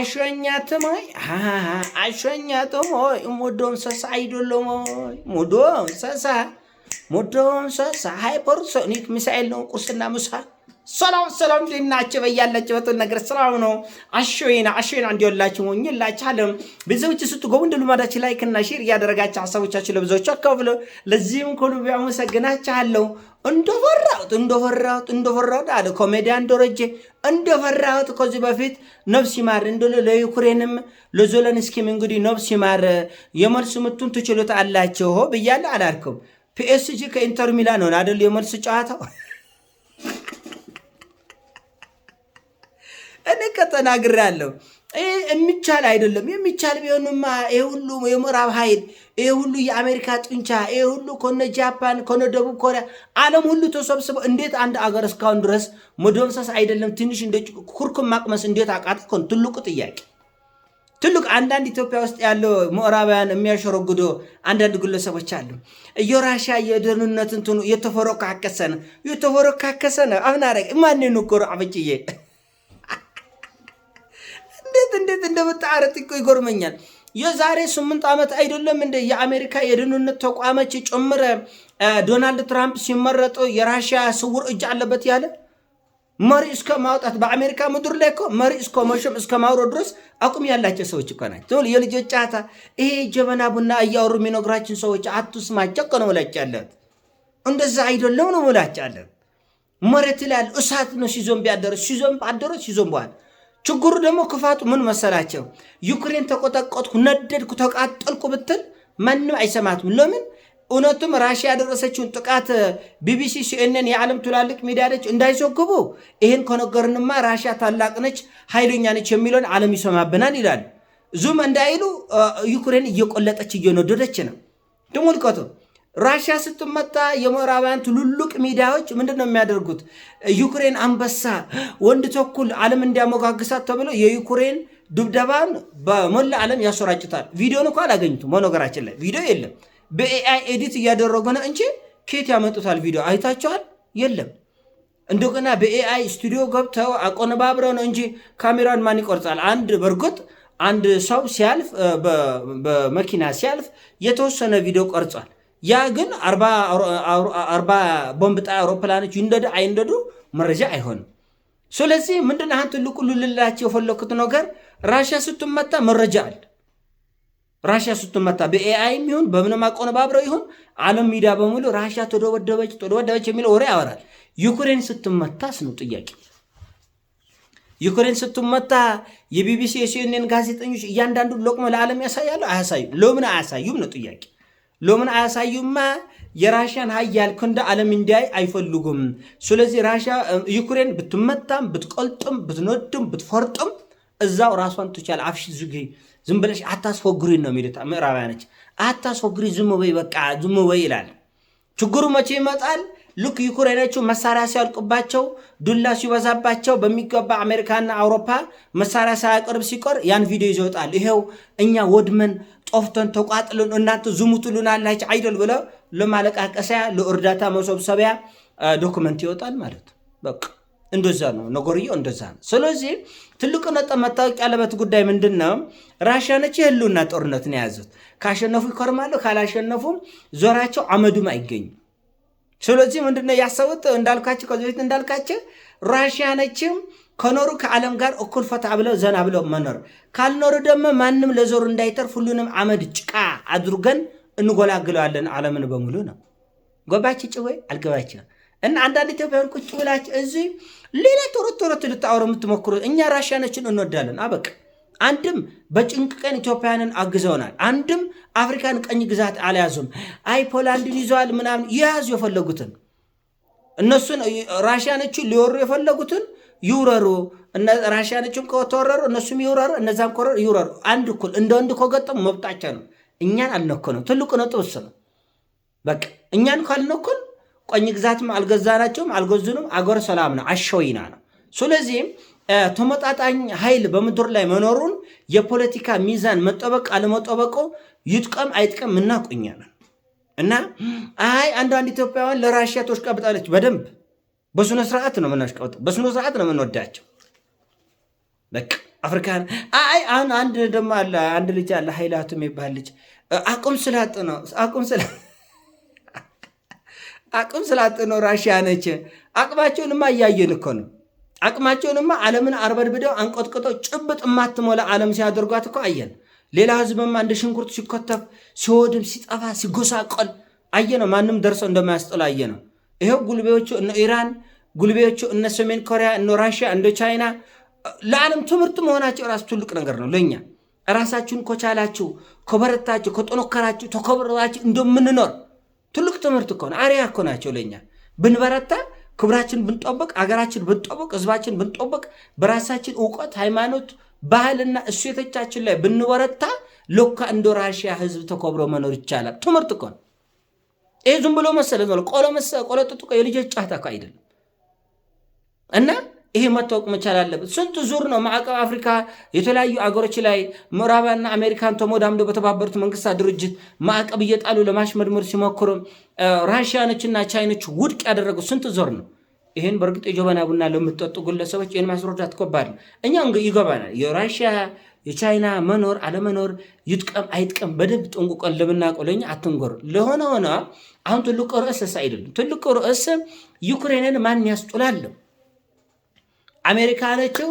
አሸኛትም ሆይ አሸኛትም ሆይ ሙዶ እንሰሳ አይደለም ሆይ ሙዶ እንሰሳ ሙዶ እንሰሳ ሃይፐርሶኒክ ሚሳኤል ነው ቁርስና ምሳ ሰላም ሰላም በያላቸው በያላችሁበት ነገር ስራው ነው። አሾይና አሾይና እንዲወላችሁ ሆኝላችኋለሁ። ቤተሰቦች ስትገቡ እንደ ልማዳችሁ ላይክ እና ሼር እያደረጋችሁ ሀሳቦቻችሁ ለብዙዎች አካፍሉ። ለዚህም ከልብ አመሰግናችኋለሁ። እንደፈራሁት እንደፈራሁት እንደፈራሁት አለ ኮሜዲያን ደረጀ። እንደፈራሁት ከዚህ በፊት ነፍስ ይማር እንደለ ለዩክሬንም ለዘለንስኪም እንግዲህ ነፍስ ይማር የመልስ ምቱን ትችሉት አላቸው ብያለሁ። አላልኩም ፒኤስጂ ከኢንተር ሚላን ሆነ አይደል የመልስ ጨዋታው እኔ ከተናግሬያለሁ። የሚቻል አይደለም። የሚቻል ቢሆንማ ይሄ ሁሉ የምዕራብ ኃይል ይሄ ሁሉ የአሜሪካ ጡንቻ ይሄ ሁሉ ከነ ጃፓን ከነ ደቡብ ኮሪያ ዓለም ሁሉ ተሰብስበው እንዴት አንድ አገር እስካሁን ድረስ መደምሰስ አይደለም ትንሽ እንደ ኩርኩም ማቅመስ እንዴት አቃት? ኮን ትልቁ ጥያቄ ትልቅ አንዳንድ ኢትዮጵያ ውስጥ ያለው ምዕራባውያን የሚያሸረግዶ አንዳንድ ግለሰቦች አሉ። የራሻ የደህንነት እንትኑ የተፈረካከሰ ነው የተፈረካከሰ ነው አብናረ ማን ንኮሮ አበጭዬ እንዴት እንዴት እንደመጣ ኧረ ጥቆ ይጎርመኛል። የዛሬ ስምንት ዓመት አይደለም እንደ የአሜሪካ የደህንነት ተቋማች ጭምር ዶናልድ ትራምፕ ሲመረጡ የራሽያ ስውር እጅ አለበት ያለ መሪ እስከ ማውጣት በአሜሪካ ምድር ላይ እኮ መሪ እስከ መሾም እስከ ማውረድ ድረስ አቁም ያላቸው ሰዎች እኮ ናቸው። የልጆች ጫታ ይሄ ጀበና ቡና እያወሩ የሚነግራችን ሰዎች አትስማቸው እኮ ነው እላቸዋለሁ። እንደዛ አይደለም ነው እላቸዋለሁ። መሬት ላይ ያለ እሳት ነው ሲዞም ቢያደረ ሲዞም አደረ ሲዞም በኋላ ችግሩ ደግሞ ክፋቱ ምን መሰላቸው? ዩክሬን ተቆጠቆጥኩ፣ ነደድኩ፣ ተቃጠልኩ ብትል ማንም አይሰማትም። ለምን? እውነቱም ራሽያ ያደረሰችውን ጥቃት ቢቢሲ፣ ሲኤንኤን፣ የዓለም ትላልቅ ሚዲያዎች እንዳይዘግቡ ይህን ከነገርንማ ራሽያ ታላቅ ነች፣ ኃይለኛ ነች የሚለውን ዓለም ይሰማብናል ይላል ዙም እንዳይሉ ዩክሬን እየቆለጠች እየነደደች ነው። ተመልከቱ። ራሽያ ስትመጣ የምዕራባውያን ትልልቅ ሚዲያዎች ምንድን ነው የሚያደርጉት? ዩክሬን አንበሳ ወንድ ተኩል ዓለም እንዲያሞጋግሳት ተብሎ የዩክሬን ድብደባን በሞላ ዓለም ያሰራጭታል። ቪዲዮን እኳ አላገኙትም። በነገራችን ላይ ቪዲዮ የለም። በኤአይ ኤዲት እያደረጉ ነው እንጂ ኬት ያመጡታል? ቪዲዮ አይታቸዋል? የለም። እንደገና በኤአይ ስቱዲዮ ገብተው አቆነባብረው ነው እንጂ ካሜራን ማን ይቆርጻል? አንድ በእርግጥ አንድ ሰው ሲያልፍ፣ በመኪና ሲያልፍ የተወሰነ ቪዲዮ ቆርጿል። ያ ግን አርባ ቦምብ ጣይ አውሮፕላኖች ይንደዱ አይንደዱ መረጃ አይሆንም። ስለዚህ ምንድን አሁን ትልቁ ልልላቸው የፈለኩት ነገር ራሽያ ስትመታ መረጃ አለ። ራሽያ ስትመታ በኤአይም ይሁን በምንም አቆነባብረው ይሁን ዓለም ሚዲያ በሙሉ ራሽያ ተደወደበች ተደወደበች የሚለው ወሬ ያወራል። ዩክሬን ስትመታ ስኑ ጥያቄ። ዩክሬን ስትመታ የቢቢሲ የሲኤንኤን ጋዜጠኞች እያንዳንዱ ለቅሞ ለዓለም ያሳያሉ? አያሳዩም። ለምን አያሳዩም ነው ጥያቄ። ሎምን አያሳዩማ። የራሽያን ሀያል ክንደ ዓለም እንዲያይ አይፈልጉም። ስለዚህ ራሽያ ዩክሬን ብትመታም ብትቆልጥም ብትነድም ብትፈርጥም እዛው ራሷን ትቻል። አፍሽ ዝጊ፣ ዝም ብለሽ አታስፎግሪ ነው የሚሉት ምዕራባያኖች። አታስፎግሪ ዝም በይ በቃ ዝም በይ ይላል። ችግሩ መቼ ይመጣል? ልክ ዩክሬኖቹ መሳሪያ ሲያልቅባቸው ዱላ ሲበዛባቸው በሚገባ አሜሪካና አውሮፓ መሳሪያ ሳያቀርብ ሲቀር ያን ቪዲዮ ይዞ ይሄው እኛ ወድመን ጦፍተን ተቋጥልን እናንተ አላች አይደል ብለ ለማለቃቀሰያ ለእርዳታ መሰብሰቢያ ዶክመንት ይወጣል ማለት በቃ እንደዛ ነው ነገርዮ፣ እንደዛ ነው። ስለዚህ ትልቁ ነጥብ መታወቅ ያለበት ጉዳይ ምንድን ነው? ራሽያኖች የህልውና ጦርነት ነው የያዙት። ካሸነፉ ይኮርማሉ፣ ካላሸነፉም ዞራቸው አመዱም አይገኝም። ስለዚህ ምንድነው ያሰቡት? እንዳልካቸው ከዚህ በፊት እንዳልካቸው ራሽያ ነችም ከኖሩ ከዓለም ጋር እኩል ፈታ ብለው ዘና ብለው መኖር፣ ካልኖሩ ደግሞ ማንም ለዞር እንዳይተርፍ ሁሉንም አመድ ጭቃ አድርገን እንጎላግለዋለን ዓለምን በሙሉ ነው። ጎባች ጭዌ አልገባችም። እና አንዳንድ ኢትዮጵያን ቁጭ ብላቸው እዚህ ሌላ ቶሮት ቶሮት ልታወሩ የምትሞክሩ እኛ ራሽያ ነችን እንወዳለን አበቃ። አንድም በጭንቅ ቀን ኢትዮጵያንን አግዘውናል። አንድም አፍሪካን ቀኝ ግዛት አልያዙም። አይ ፖላንድን ይዘዋል ምናምን የያዙ የፈለጉትን እነሱን ራሽያኖቹን ሊወሩ የፈለጉትን ይውረሩ። ራሽያኖቹም ከተወረሩ እነሱም ይውረሩ፣ እነዛም ከወረሩ ይውረሩ። አንድ እኩል እንደ ወንድ ከገጠሙ መብጣቸው ነው። እኛን አልነኮንም። ትልቁ ነጥብ እሱ ነው። በቃ እኛን ካልነኮን ቀኝ ግዛትም አልገዛናቸውም፣ አልገዙንም። አገር ሰላም ነው፣ አሸዊና ነው። ስለዚህም ተመጣጣኝ ኃይል በምድር ላይ መኖሩን የፖለቲካ ሚዛን መጠበቅ አለመጠበቁ ይጥቀም አይጥቀም እናቆኛለን እና አይ አንዳንድ ኢትዮጵያውያን ለራሽያ ተሽቃብጣለች። በደንብ በስነ ስርዓት ነው ምናሽቃወጥ፣ በስነ ስርዓት ነው ምንወዳቸው። በቃ አፍሪካን አይ አሁን አንድ ደሞ አለ አንድ ልጅ አለ ሀይላቱ የሚባል ልጅ አቁም ስላጥ ነው አቁም ስላ አቁም ስላጥ ነው ራሽያ ነች። አቅማቸውንማ እያየን እኮ ነው አቅማቸውንማ ዓለምን አርበድብደው አንቆጥቅጠው ጭብጥ የማትሞላ ዓለም ሲያደርጓት እኮ አየን። ሌላ ህዝብማ እንደ ሽንኩርት ሲኮተፍ፣ ሲወድም፣ ሲጠፋ፣ ሲጎሳቆል አየ ነው። ማንም ደርሰው እንደማያስጠሉ አየ ነው። ይኸው ጉልቤዎቹ እነ ኢራን ጉልቤዎቹ እነ ሰሜን ኮሪያ፣ እነ ራሽያ፣ እንደ ቻይና ለዓለም ትምህርት መሆናቸው ራሱ ትልቅ ነገር ነው ለእኛ። ራሳችሁን ከቻላችሁ፣ ከበረታችሁ፣ ከጠነከራችሁ፣ ተከብራችሁ እንደምንኖር ትልቅ ትምህርት እኮ ነው። አርያ እኮ ናቸው ለእኛ ብንበረታ ክብራችን ብንጠበቅ፣ አገራችን ብንጠበቅ፣ ህዝባችን ብንጠበቅ፣ በራሳችን እውቀት፣ ሃይማኖት፣ ባህልና እሴቶቻችን ላይ ብንበረታ ሎካ እንደ ራሽያ ህዝብ ተከብሮ መኖር ይቻላል። ትምህርት እኮ ነው። ይህ ዝም ብሎ መሰለ ቆሎ ጥጡ የልጆች ጫት እኮ አይደለም እና ይሄ መታወቅ መቻል አለበት። ስንት ዙር ነው ማዕቀብ አፍሪካ የተለያዩ አገሮች ላይ ምዕራባና አሜሪካን ተሞዳምዶ በተባበሩት መንግስታት ድርጅት ማዕቀብ እየጣሉ ለማሽመድመድ ሲሞክሩ ራሽያኖችና ቻይኖች ውድቅ ያደረጉ ስንት ዙር ነው? ይህን በእርግጥ የጀበና ቡና ለምትጠጡ ግለሰቦች ይህን ማስረዳት ከባድ ነው። እኛ ይገባናል። የራሽያ የቻይና መኖር አለመኖር ይጥቀም አይጥቀም በደንብ ጥንቁቀን ለምናውቀው ለኛ አትንጎር። ለሆነ ሆነ አሁን ትልቁ ርዕስ አይደለም። ትልቁ ርዕስ ዩክሬንን ማን ያስጡላለሁ አሜሪካኖችው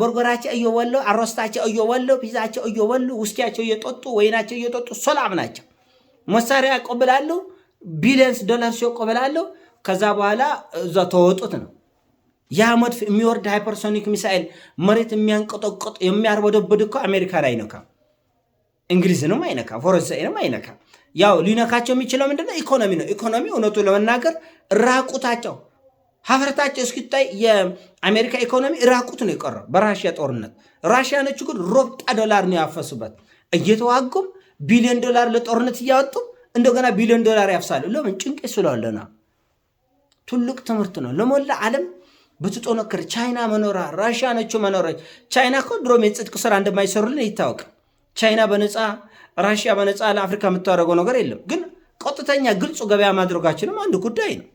ቦርጎራቸው እየወለው አሮስታቸው እየወለው ፒዛቸው እየወሉ ውስኪያቸው እየጠጡ ወይናቸው እየጠጡ ሰላም ናቸው። መሳሪያ ያቆብላሉ። ቢሊየንስ ዶላር ሲቆብላሉ። ከዛ በኋላ እዛ ተወጡት ነው ያ መድፍ የሚወርድ ሃይፐርሶኒክ ሚሳኤል መሬት የሚያንቀጠቅጥ የሚያርበደብድ እኮ አሜሪካን አይነካም፣ እንግሊዝንም አይነካም፣ ፈረንሳይንም አይነካ። ያው ሊነካቸው የሚችለው ምንድነው? ኢኮኖሚ ነው። ኢኮኖሚ እውነቱ ለመናገር ራቁታቸው ሀፍረታቸው እስኪታይ የአሜሪካ ኢኮኖሚ ራቁት ነው የቀረው በራሽያ ጦርነት። ራሽያኖቹ ግን ሮብጣ ዶላር ነው ያፈሱበት። እየተዋጉም ቢሊዮን ዶላር ለጦርነት እያወጡ እንደገና ቢሊዮን ዶላር ያፍሳሉ። ለምን? ጭንቄ ስለዋለ ትልቅ ትምህርት ነው ለሞላ ዓለም በተጠነከረ ቻይና መኖራ ነች መኖረ ቻይና እኮ ድሮም የጽድቅ ስራ እንደማይሰሩልን ይታወቅ። ቻይና በነፃ ራሽያ በነፃ ለአፍሪካ የምታደረገው ነገር የለም። ግን ቀጥተኛ ግልጹ ገበያ ማድረጋችንም አንድ ጉዳይ ነው።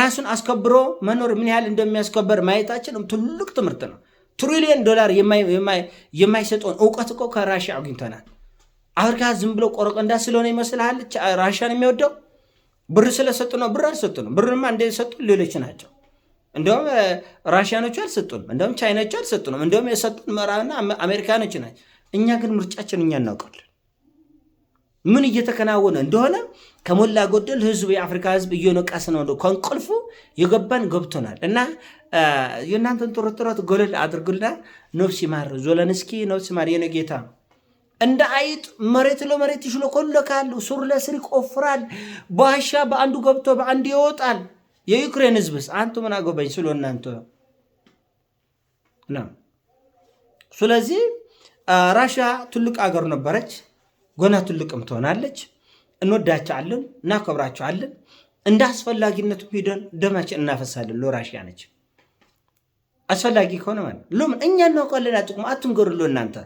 ራሱን አስከብሮ መኖር ምን ያህል እንደሚያስከበር ማየታችን ትልቅ ትምህርት ነው። ትሪሊየን ዶላር የማይሰጠውን እውቀት እኮ ከራሽያ አግኝተናል። አፍሪካ ዝም ብሎ ቆረቆንዳ ስለሆነ ይመስልሃል ራሽያን የሚወደው? ብር ስለሰጡ ነው? ብር አልሰጡ ነው። ብርማ እንደሰጡ ሌሎች ናቸው። እንዲሁም ራሽያኖቹ አልሰጡንም። እንዲሁም ቻይናቹ አልሰጡንም። እንዲሁም የሰጡን ምዕራብና አሜሪካኖች ናቸው። እኛ ግን ምርጫችን እኛ እናውቃለን። ምን እየተከናወነ እንደሆነ ከሞላ ጎደል ህዝብ የአፍሪካ ህዝብ እየነቀስ ነው። ከእንቅልፉ የገባን ገብቶናል። እና የእናንተን ጥርጥሮት ጎለል አድርጉልና ነፍስ ይማር ዞለንስኪ ነፍስ ይማር የነጌታ እንደ አይጥ መሬት ለመሬት ይሽለኮለካል፣ ሱር ለስር ይቆፍራል፣ በዋሻ በአንዱ ገብቶ በአንዱ ይወጣል። የዩክሬን ህዝብስ አንቱ ምን አጎበኝ ስሎ እናንተ ነው። ስለዚህ ራሽያ ትልቅ አገር ነበረች። ጎና ትልቅም ትሆናለች። እንወዳቸዋለን፣ እናከብራቸዋለን። እንደ አስፈላጊነቱ ሂደን ደማችን እናፈሳለን። ሎራሽያ ነች አስፈላጊ ከሆነ ማለት ሎምን እኛ እናውቃለን። ጥቅሙ አትንገሩሎ እናንተ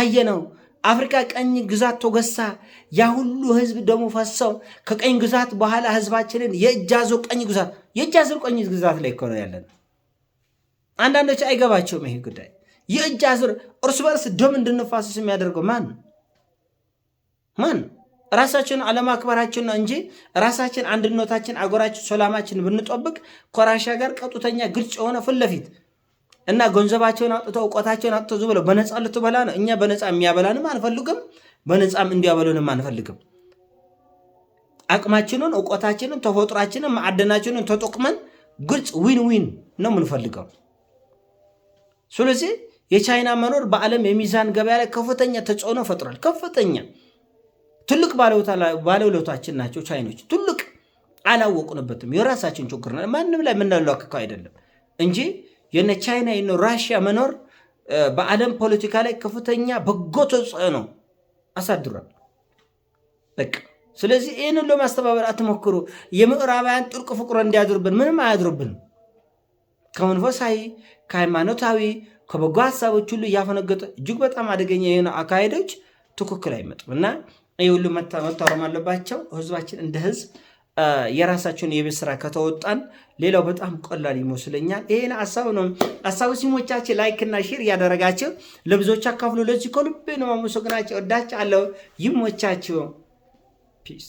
አየነው። አፍሪካ ቀኝ ግዛት ተገሳ፣ ያ ሁሉ ህዝብ ደሞ ፈሰው። ከቀኝ ግዛት በኋላ ህዝባችንን የእጃዞ ቀኝ ግዛት የእጃዞ ቀኝ ግዛት ላይ ከሆነ ያለን አንዳንዶች አይገባቸውም ይሄ ጉዳይ። የእጃዙር እርስ በርስ ደም እንድንፋሰስ የሚያደርገው ማን ነው? ማን ራሳችን አለማክበራችን ነው እንጂ ራሳችን አንድነታችን፣ አገራችን፣ ሰላማችን ብንጠብቅ ከራሻ ጋር ቀጥተኛ ግልጽ የሆነ ፊት ለፊት እና ገንዘባቸውን አጥቶ እውቀታቸውን አጥቶ ዝም ብለው በነፃ ልትበላ ነው። እኛ በነፃ የሚያበላንም አንፈልግም፣ በነፃም እንዲያበሉንም አንፈልግም። አቅማችንን፣ እውቀታችንን፣ ተፈጥሯችንን፣ ማዕደናችንን ተጠቅመን ግልጽ ዊን ዊን ነው የምንፈልገው። ስለዚህ የቻይና መኖር በዓለም የሚዛን ገበያ ላይ ከፍተኛ ተጽዕኖ ፈጥሯል። ከፍተኛ ትልቅ ባለውለታችን ናቸው ቻይኖች። ትልቅ አላወቁንበትም። የራሳችን ችግር ነው። ማንም ላይ የምናለካካው አይደለም እንጂ የነ ቻይና የነ ራሽያ መኖር በዓለም ፖለቲካ ላይ ከፍተኛ በጎ ተጽዕኖ አሳድሯል። በቃ ስለዚህ ይህንን ለማስተባበር አትሞክሩ። የምዕራባውያን ጥልቅ ፍቅር እንዲያድሩብን ምንም አያድርብን። ከመንፈሳዊ ከሃይማኖታዊ፣ ከበጎ ሀሳቦች ሁሉ እያፈነገጠ እጅግ በጣም አደገኛ የሆነ አካሄዶች ትክክል አይመጡም እና ይህ ሁሉ መታረም አለባቸው። ህዝባችን እንደ ህዝብ የራሳቸውን የቤት ስራ ከተወጣን ሌላው በጣም ቀላል ይመስለኛል። ይሄን ሀሳብ ነው ሀሳቡ ሲሞቻችን ላይክና ሼር እያደረጋቸው ለብዙዎች አካፍሉ። ለዚህ ከልቤ ነው ማመሰግናቸው። ወዳች አለው። ይሞቻቸው። ፒስ